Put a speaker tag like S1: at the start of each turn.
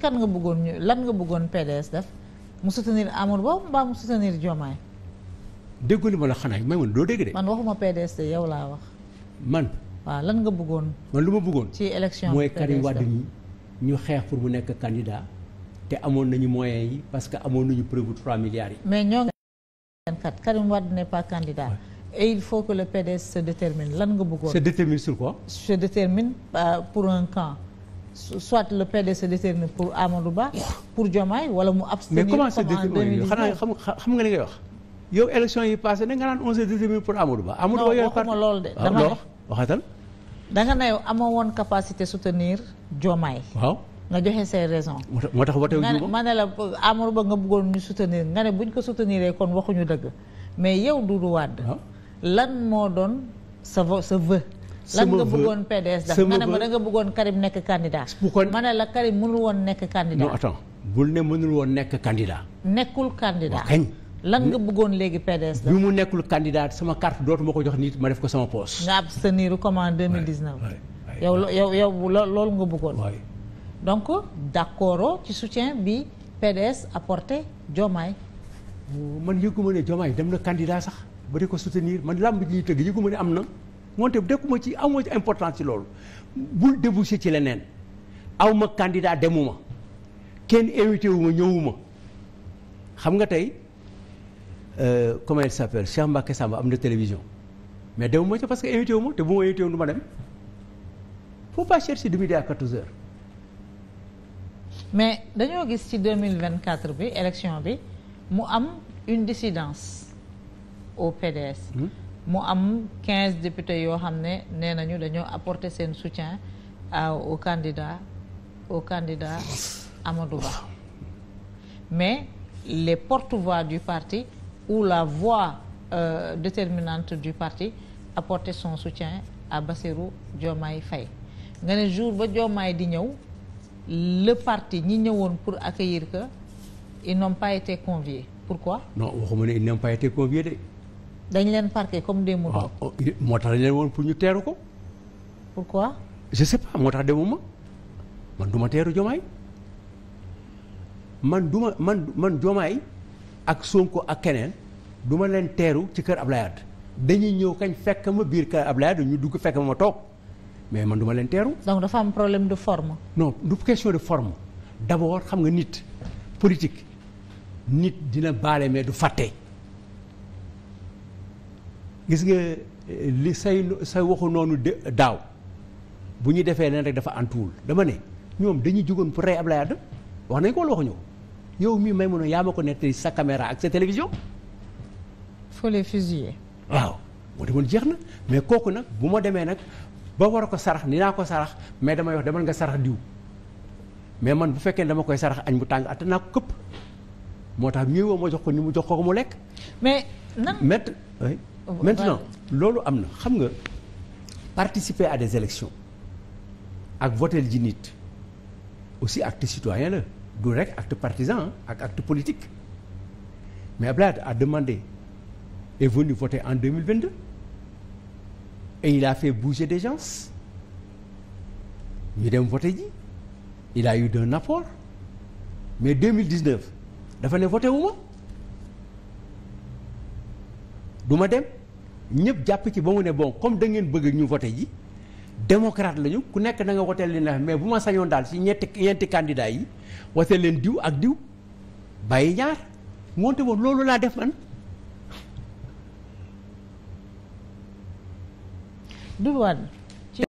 S1: kan nga bëggoon lan nga bëggoon PDS def mu soutenir Amadou Ba mbaa mu soutenir Diomaye.
S2: déggu li ma la xanaa may man doo dégg de.
S1: man waxuma PDS de yow laa wax. man. waaw lan nga bëggoon.
S2: man lu ma bëggoon. ci élection mooy Karim Wade ñu xeex pour mu nekk candidat. te amoon nañu moyen yi parce que amoon nañu preuve 3 milliards yi.
S1: mais ñoo ngi kat Karim Wade lan nga bëggoon. se détermine sur quoi. soit le PDS déterminé pour Amadou Ba pour Diomaye wala mu abstenir mais comment c'est déterminé xanaa xam
S2: xam nga li ngay wax yow élection yi passé na nga naan on s'est déterminé pour Amadou Ba Amadou ah,
S1: da nga ne yow amoo woon capacité soutenir Diomaye waaw nga joxe say raisons moo tax wote ma ne la Amadou Ba nga bëggoon ñu soutenir nga ne buñ ko soutenir kon waxuñu dëgg mais yow Doudou Wade ah. lan moo doon sa sa vœu
S2: lan nga bëggoon PDS def nga ne ma da nga
S1: bëggoon Karim nekk candidat. bu ko ma ne la Karim mënul woon nekk candidat. non attends
S2: bul ne mënul woon nekk candidat.
S1: nekkul candidat kañ. lan nga bëggoon léegi PDS def. bi
S2: mu nekkul candidat sama carte dootuma ko jox nit ma def ko sama poche.
S1: nga abstenir comme en 2019. yow yow yow loolu nga bëggoon. donc d'accord
S2: ci soutien bi PDS apporté Diomaye. man yëgu ma ne Diomaye dem na candidat sax ba di ko soutenir man làmb ji tëgg yëgu ma ne am na. moonte dekkuma ci amoo ci important ci loolu bul débouché ci leneen awma candidat demuma kenn invité wu ma ñëwuma xam nga tey euh, comment il s'appelle Cheikh Mbacké Samba am na télévision mais demuma ci parce que invité wu te bu ma invité wu ma dem faut pas chercher du midi à 14 heures.
S1: mais dañoo gis ci 2024 bi élection bi mu am une dissidence au PDS. Hmm? mu am quinze députés yoo xam ne nee nañu dañoo apporter seen soutien à au candidat au candidat Amadou mais les porte-voix du parti ou la voix euh, déterminante du parti apporter son soutien à basserou Diomaye Faye nga ne jour ba Diomaye di ñëw le parti ñi ñëwoon pour accueillir que ils n'ont pas été conviés pourquoi
S2: non waxuma ne ils n'ont pas été de
S1: dañ leen parqué comme démb. waaw
S2: oh, moo tax dañ leen woon pour ñu teeru ko. pourquoi. je sais pas moo tax ma man du ma teeru jomaay man duma man man jomaay ak Sonko ak keneen du ma leen teeru ci kër Ablaye Wade dañuy ñëw kañ fekk ma biir kër Ablaye Wade ñu dugg fekk ma ma toog mais man duma leen teeru. donc dafa am problème de forme. non du question de forme d'abord xam nga nit politique nit dina baale mais du fàtte. gis nga li say say waxu noonu daaw bu ñu defee leen rek dafa antuwul dama ne ñoom dañuy jugoon pour rey Ablaye Wade wax nañ ko wala waxuñu yow mii may mun a yaa ma ko nettali sa caméra ak sa télévision. faut les waaw moo demoon jeex na mais kooku nag bu ma demee nag ba war a ko sarax ni naa ko sarax mais damay wax demal nga sarax diw mais man bu fekkee dama koy sarax añ bu tàng at naa ko këpp moo tax ñuy ma jox ko ni mu jox mu lekk. mais
S1: nan maintenant
S2: loolu am na xam nga participer à des élections ak voter ji nit aussi acte citoyen la du rek acte partisan ak acte politique mais Abdoulaye a demandé et venu voter en 2022 et il a fait bouger des gence ñu dem voter ji il a eu d'un apport mais 2019 dafa ne voté wu ma du ma dem ñépp jàpp ci ba mu ne bon comme da ngeen bëgg ñu voté ji démocrate lañu ku nekk na nga woteel li neex mais bu ma sañoon daal si ñetti ñeenti candidats yi woteel leen diw ak diw bàyyi ñaar moonte woon loolu laa def man. du